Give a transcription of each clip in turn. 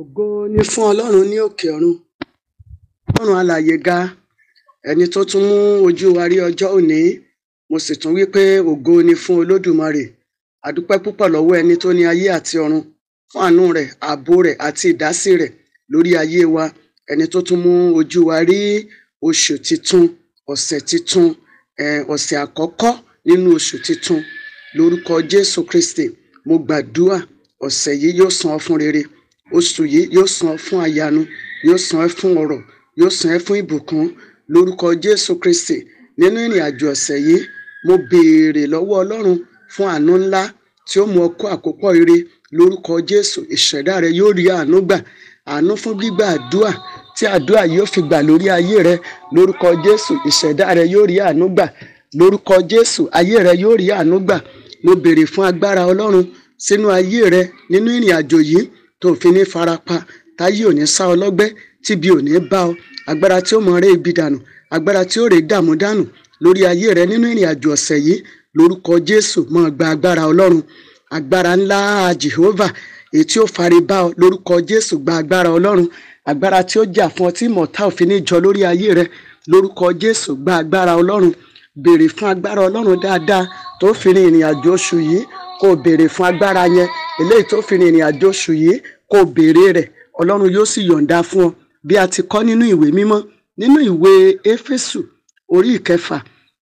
ògo ni fún ọlọ́run ní òkè ọ̀run ọlọ́run alàyè ga ẹni tó tún mú ojú wa rí ọjọ́ òní mo sì tún wí pé ògo ni fún olódùmarè àdúpẹ́ púpọ̀ lọ́wọ́ ẹni tó ní ayé àti ọ̀run fún àánú rẹ̀ ààbò rẹ̀ àti ìdásí rẹ̀ lórí ayé wa ẹni tó tún mú ojú wa rí oṣù titun ọ̀sẹ̀ titun ọ̀sẹ̀ àkọ́kọ́ nínú oṣù titun lórúkọ Jésù Kristi mo gbàdúrà ọ̀sẹ̀ yìí yóò san ọ fún rere oṣù yìí yóò san ẹ́ fún àyanu yóò san ẹ́ fún ọrọ̀ yóò san ẹ́ fún ìbùkún lórúkọ jésù kristi nínú ìrìn àjò ọ̀sẹ̀ yìí mo béèrè lọ́wọ́ ọlọ́run fún àánú ńlá tí ó mú ọ kó àkópọ̀ ire lórúkọ jésù ìṣẹ̀dá rẹ yóò rí àánú gbà àánú fún gbígbà àdúà tí àdúà yóò fi gbà lórí ayé rẹ lórúkọ jésù ìṣẹ̀dá rẹ yóò rí àánú gbà lórúkọ jésù ayé rẹ yóò rí àánú gbà mo béèrè fún agbára ọlọ́run sínú ayé rẹ nínú ìrìn àjò yìí tó fi ní farapa táyé ò ní sá ọ lọ́gbẹ́ tíbi ò ní bá ọ agbára tí ó mọ rẹ ibi dànù agbára tí ó rè dààmú dànù lórí ayé rẹ nínú ìrìn àjò ọ̀sẹ̀ yìí lórúkọ Jésù mọ gba agbára Ọlọ́run agbára ńlá Jehovah èyí tí ó fari bá ọ lórúkọ Jésù gba agbára Ọlọ́run agbára tí ó jà fún ọ tí mọ̀tá ò fi ní jọ lórí ayé rẹ lórúkọ Jésù gba agbára Ọlọ́run béèrè fún agbára Ọlọ́run dáadáa tó fi rin ìrìn àjò oṣù yìí kó o béèrè fún agbára yẹn eléyìí tó fi rìnrìn àjò oṣù yìí kó o béèrè rẹ̀ ọlọ́run yóò sì yọ̀ǹda fún ọ bí a ti kọ́ nínú ìwé mímọ́ nínú ìwé éfésù orí ìkẹfà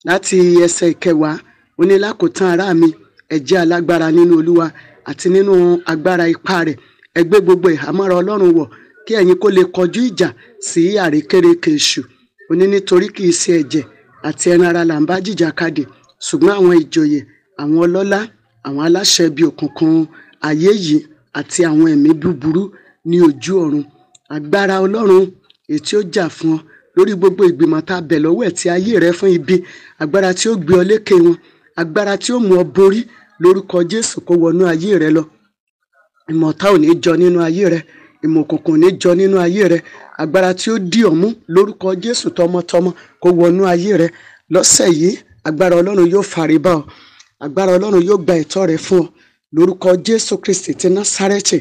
láti ẹsẹ̀ ìkẹwàá ó ní lákòótán ará mi ẹ jẹ́ alágbára nínú olúwa àti nínú agbára ipá rẹ̀ ẹ gbogbo ìhámọ́ra ọlọ́run wọ̀ kí ẹ̀yin kó lè kọjú ìjà sí àrékérekè èṣù ó nítorí kì ṣe ẹ̀jẹ̀ àti ẹran ara là ń bá jìjà kadì ṣùgbọ́n àwọn ìjòyè àwọn ọlọ́lá àwọn aláṣẹ ibi òkùnkùn ayé yìí àti àwọn ẹ̀mí búburú ní ojú ọ̀run agbára ọlọ́run èyí tí ó jà fún ọ lórí gbogbo ìgbìmọ̀ tá a bẹ̀ lọ́wọ́ ẹ̀ tí ayé rẹ fún ibi agbára tí ó gbé ọ lékè wọn agbára tí ó mú ọ borí lórúkọ jésù kó wọnú ayé rẹ lọ ìmọ̀ta ò ní jọ nínú ayé rẹ ìmọ̀ òkùnkùn ò ní jọ nínú ayé rẹ agbára tí ó dì ọ́ mú lórúkọ jésù tọmọtọmọ kó wọnú ayé rẹ lọ́sẹ̀ yìí agbára ọlọ́run yóò fàrí ọ agbára ọlọ́run yóò gba ìtọ́ rẹ fún ọ lórúkọ jésù kristi ti násárẹ́tì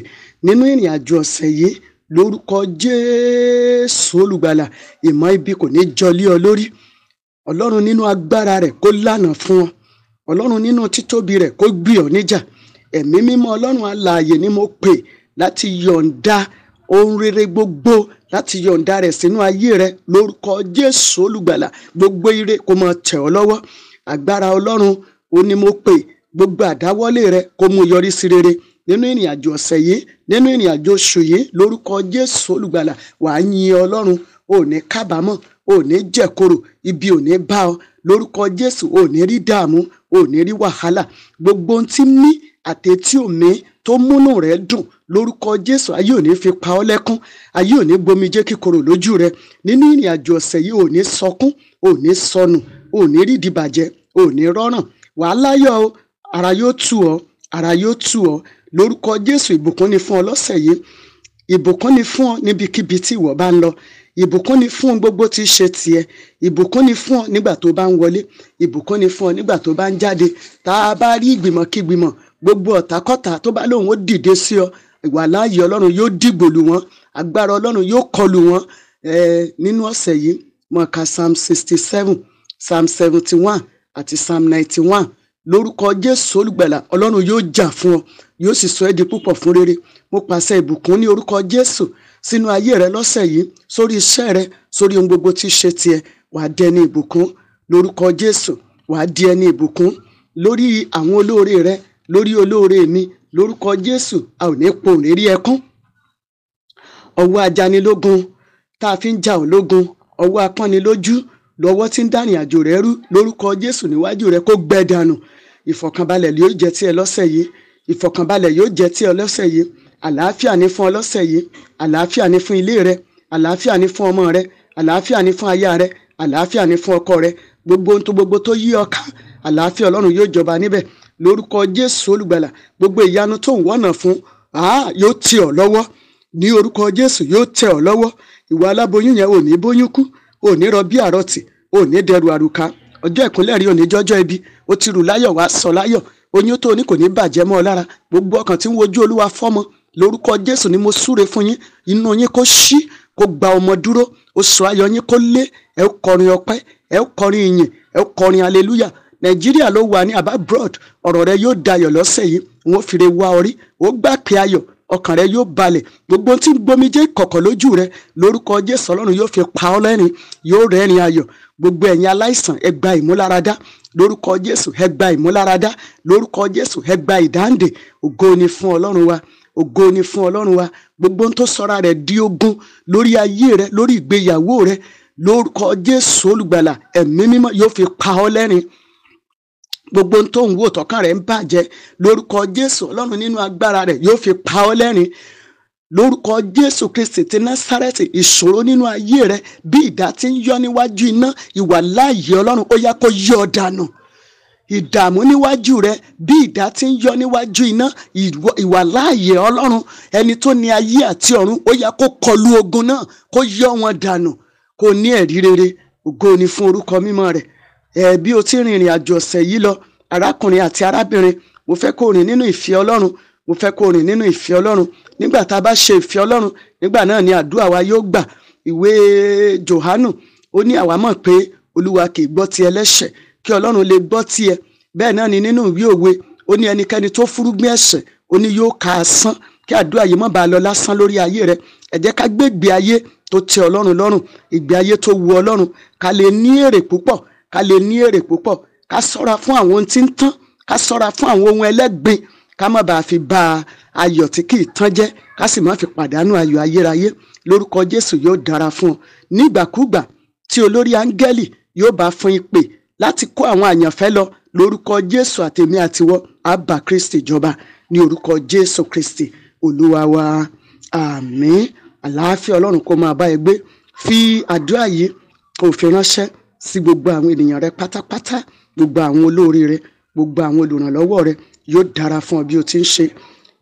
nínú ìrìn àjò ọ̀sẹ̀ yìí lórúkọ jésù olùgbàlà ìmọ̀ ibi kò ní jọlé ọ lórí ọlọ́run nínú agbára rẹ̀ kó lànà fún ọ ọlọ́run nínú títóbi rẹ̀ kó gbì ọ níjà ẹ̀mí mímọ́ ọlọ́run alààyè ni mo pè láti yọ̀ǹda ohun rere gbogbo láti yọ̀ǹda rẹ̀ sínú ayé rẹ lórúkọ jésù olùgbàlà gbogbo ire kó máa tẹ̀ ọ lọ́wọ́ agbára ọlọ́run ó ní mo pè gbogbo àdáwọ́lé rẹ kó mú yọrí sí rere nínú ìrìn àjò ọ̀sẹ̀ yìí nínú ìrìn àjò oṣù yìí lórúkọ Jésù olùgbàlà wàá yin Ọlọ́run ò ní kábàámọ̀ ò ní jẹ̀korò ibi ò ní bá ọ lórúkọ Jésù ò ní rí dààmú ò ní rí wàhálà gbogbo ohun tí mí àtẹ̀tí òmí tó múnú rẹ dùn lórúkọ Jésù ayé ò ní fi pa ọ́ lẹ́kún ayé ò ní gbomijé kíkorò lójú rẹ nínú ìrìn àjò ọ̀sẹ̀ yìí ò ní sọkún ò ní sọnù ò ní rídìí bàjẹ́ ò ní rọ́ràn wàá láyọ̀ o ara yóò tù ọ́ ara yóò tù ọ́ lórúkọ Jésù ìbùkún ni fún ọ lọ́sẹ̀ yìí ìbùkún ni fún ọ níbikíbi tí ìwọ bá ń lọ ìbùkún ni fún gbogbo tí ṣe tiẹ̀ ìbùkún ni fún ọ nígbà tó bá ń wọlé ìbùkún ni fún ọ nígbà tó bá ń jáde tá a bá rí ìgbìmọ̀ kí gbìmọ̀ gbogbo ọ̀tàkọ́tà tó bá lóun ó dìde sí ọ ìwà láàyè Ọlọ́run yóò dìbò lù wọ́n agbára Ọlọ́run yóò kọlù wọ́n nínú ọ̀sẹ̀ yìí mọ̀ọ́ka Psalm sixty seven Psalm seventy one àti psalm ninety one lórúkọ jésù olùgbàlà ọlọ́run yóò jà fún ọ yóò sì sọ ẹ́ di púpọ̀ fún rere mo pàṣẹ ìbùkún ní orúkọ jésù sínú ayé rẹ lọ́sẹ̀ yìí sórí iṣẹ́ rẹ sórí ohun gbogbo tí ṣe tiẹ̀ wàá di ẹni ìbùkún lórúkọ jésù wàá di ẹni ìbùkún lórí àwọn olóore rẹ lórí olóore mi lórúkọ jésù a ò ní po òrírí ẹkún ọwọ́ ajánilógun tá a fi ń ja òlógun ọwọ́ apọ́nilójú lọ́wọ́ tí ń dá ìrìn àjò rẹ rú lórúkọ Jésù níwájú rẹ kó gbẹ dànù ìfọ̀kànbalẹ̀ yóò jẹ́ tiẹ̀ lọ́sẹ̀ yìí ìfọ̀kànbalẹ̀ yóò jẹ́ tiẹ̀ lọ́sẹ̀ yìí àlàáfíà ni fún ọ lọ́sẹ̀ yìí àlàáfíà ni fún ilé rẹ àlàáfíà ni fún ọmọ rẹ àlàáfíà ni fún aya rẹ àlàáfíà ni fún ọkọ rẹ gbogbo ohun tó gbogbo tó yí ọ ká àlàáfíà Ọlọ́run yóò jọba níbẹ̀ lórúkọ Jésù olùgbàlà gbogbo ìyanu tó ń wọ́nà fún yóò tì ọ́ lọ́wọ́ ní orúkọ Jésù yóò tẹ̀ ọ́ lọ́wọ́ ìwà aláboyún yẹn ò ní bóyún kú òní rọ bí àrọ̀tì òní dẹrù àrùka ọjọ́ ìkúnlẹ̀rí òní jọ́jọ́ ibi ó ti rù láyọ̀ wá sọ láyọ̀ oyún tó ní kò ní bàjẹ́ mọ́ ọ lára gbogbo ọkàn tí ń wojú olúwa fọ́mọ lórúkọ jésù ni mo súre fún yín inú yín kó ṣí kó gba ọmọ dúró oṣù ayọ̀ yín kó lé ẹ ó kọrin ọpẹ́ ẹ ó kọrin ìyìn ẹ ó kọrin hallelujah nàìjíríà ló wà ní abroad ọ̀rọ̀ rẹ yóò dayọ̀ lọ́sẹ̀ yìí wọ́n fìrè wá orí ó gbà pé ayọ̀ ọkàn rẹ yóò balẹ̀ gbogbo tí ń gbomijé kọ̀kọ̀ lójú rẹ lórúkọ jésù ọlọ́run yóò fi pa ọ́ lẹ́rìn yóò rẹ́rìn ayọ̀ gbogbo ẹ̀yin aláìsàn ẹ gba ìmúláradá lórúkọ jésù ẹ gba ìmúláradá lórúkọ jésù ẹ gba ìdáǹdè ògo ni fún ọlọ́run wa ògo ni fún ọlọ́run wa gbogbo tó sọra rẹ̀ di ogun lórí ayé rẹ lórí ìgbéyàwó rẹ lórúkọ jésù olùgbàlà ẹ̀mí mímọ́ yóò fi pa ọ́ lẹ́rìn gbogbo tó ń wò tọ́kàn rẹ̀ ń bàjẹ́ lórúkọ jésù ọlọ́run nínú agbára rẹ̀ yóò fi pa ọ́ lẹ́rìn lórúkọ jésù kristi ti násárẹ́tì ìṣòro nínú ayé rẹ bí ìdá tí ń yọ níwájú iná ìwà láàyè ọlọ́run ó yá kó yọ ọ dànù ìdààmú níwájú rẹ bí ìdá tí ń yọ níwájú iná ìwà láàyè ọlọ́run ẹni tó ní ayé àti ọ̀run ó yá kó kọlu ogun náà kó yọ wọn dànù kó ní ẹ̀rí rere ògo ni fún orúkọ mímọ́ rẹ̀ ẹ bí o ti rin ìrìn àjò ọ̀sẹ̀ yìí lọ arákùnrin àti arábìnrin mo fẹ́ kó rìn nínú ìfẹ́ ọlọ́run mo fẹ́ kó rìn nínú ìfẹ́ ọlọ́run nígbà tá a bá ṣe ìfẹ́ ọlọ́run nígbà náà ni àdúrà wa yóò gbà ìwé Jòhánù ó ní àwa mọ̀ pé olúwa kì í gbọ́ ti ẹlẹ́ṣẹ̀ kí ọlọ́run lè gbọ́ tiẹ̀ bẹ́ẹ̀ náà ni nínú ìwé òwe ó ní ẹnikẹ́ni tó fúrúgbìn ẹ̀ṣẹ̀ ó ní yóò ka asán kí àdúrà yìí má bàa lọ lásán lórí ayé rẹ ẹ jẹ́ ká gbé ìgbé ayé tó tẹ́ ọlọ́run lọ́rùn ìgbé ayé tó wu ọlọ́run ká lè ní èrè púpọ̀ ká lè ní èrè púpọ̀ ká ṣọ́ra fún àwọn ohun tí ń tán ká ṣọ́ra fún àwọn ohun ẹlẹ́gbin ká má bàa fi ba ayọ̀ tí kì í tán jẹ́ ká sì má fi pàdánù ayọ̀ ayérayé lórúkọ Jésù yóò dára fún ọ nígbàkúgbà tí olórí áńgẹ́lì yóò bá fún ìpè láti kó àwọn àyànfẹ́ lọ lórúkọ Jésù àtèmi àtiwọ́ àbá Kristi jọba ní orúkọ Jésù Kristi olúwa wa àmín àlàáfíà Ọlọ́run kó máa bá ẹ gbé fi àdúrà yìí òfin ránṣẹ́ sí gbogbo àwọn ènìyàn rẹ pátápátá gbogbo àwọn olóríire gbogbo àwọn olùrànlọ́wọ́ rẹ yóò dára fún ọ bí o ti ń ṣe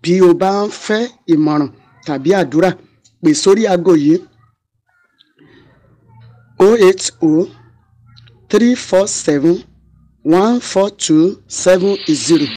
bí o bá ń fẹ́ ìmọ̀ràn tàbí àdúrà pè sórí aago yìí 080 347 142 7 0.